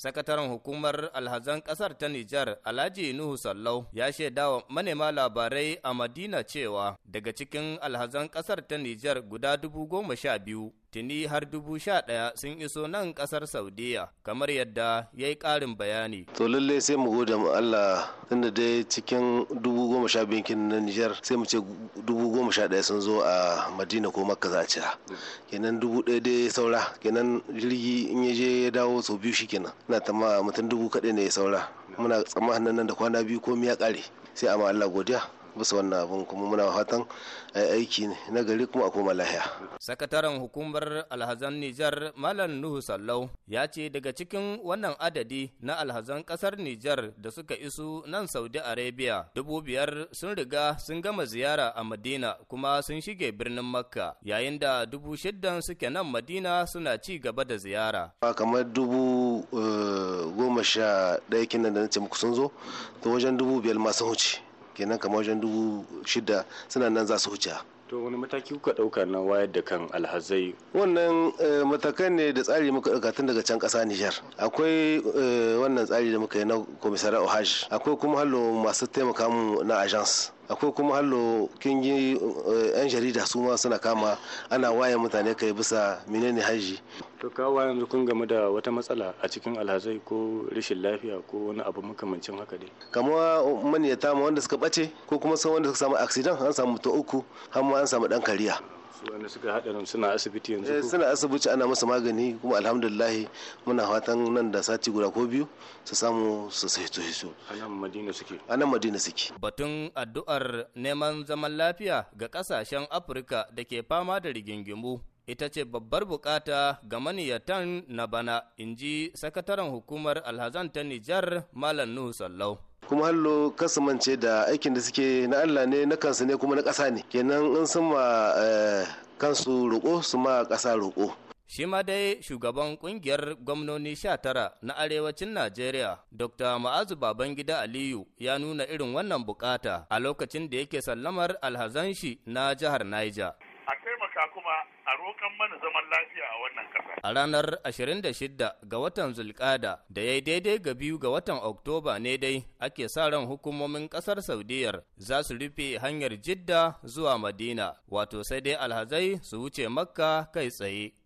Sakataren hukumar alhazan ƙasar ta Nijar Alhaji Nuhu Sallau ya wa manema labarai a Madina cewa daga cikin alhazan ƙasar ta Nijar guda dubu goma sha biyu tuni har dubu sha ɗaya sun iso nan ƙasar saudiya kamar yadda ya yi ƙarin bayani to lalle sai mu gode mu allah inda dai cikin dubu goma sha biyun kin na nijar sai mu ce dubu goma sha ɗaya sun zo a madina ko makka za a cira kenan dubu ɗaya dai saura kenan jirgi in ya je ya dawo sau biyu shi kenan ina tama mutum dubu kaɗai ne ya saura muna tsammanin nan da kwana biyu ko miya ƙare sai a ma allah godiya musu wannan abin kuma muna fatan aiki na gari kuma a koma lahiya. Sakataren hukumar alhazan Nijar Malam Nuhu Sallau ya ce daga cikin wannan adadi na alhazan kasar Nijar da suka isu nan Saudi Arabia dubu biyar sun riga sun gama ziyara a Madina kuma sun shige birnin Makka yayin da dubu shiddan suke nan Madina suna ci gaba da ziyara. Kamar dubu eh, goma sha ɗaya kinan da na ce muku sun zo, to wajen dubu biyar masu wuce. kenan kamar wajen dubu shida suna nan za su huce to wani mataki kuka dauka na wayar da kan alhazai wannan eh, matakan ne da tsari muka dauka tun daga can kasa Nijar akwai eh, wannan tsari da muka yi na komisar ohaj akwai kuma hallo masu taimaka mu na agence akwai kuma hallo kin yi eh, yan jarida su ma suna kama ana waye mutane kai bisa menene haji to kawo yanzu kun game da wata matsala a cikin alhazai ko rashin lafiya ko wani abu makamancin haka dai kamar maniyata ma wanda suka bace ko kuma sun wanda suka samu accident an samu mutum uku har ma an samu dan kariya su wanda suka nan suna asibiti yanzu eh, suna asibiti ana masa magani kuma alhamdulillah muna fatan nan da sati guda ko biyu su samu su su anan madina suke anan madina suke batun addu'ar neman zaman lafiya ga kasashen afirka da ke fama da rigingimu ita ce babbar bukata ga maniyatan na bana in ji sakataren hukumar alhazan ta nijar malam nuhu sallau kuma hallo kasumance da aikin da suke na allah ne na kansu ne kuma na ƙasa ne kenan in sun ma eh, kansu roƙo su ma ƙasa roƙo shi ma dai shugaban kungiyar gwamnoni 19 na arewacin Najeriya, Dr. Ma'azu Babangida Aliyu ya nuna irin wannan bukata a lokacin da yake sallamar alhazanshi na jihar Niger. A taimaka kuma a roƙon mana zaman lafiya a A ranar 26 ga watan Zulkada da ya daidai ga biyu ga watan Oktoba ne dai ake sa ran hukumomin ƙasar Saudiyar za su rufe hanyar Jidda zuwa Madina, wato sai dai alhazai su wuce Makka kai tsaye.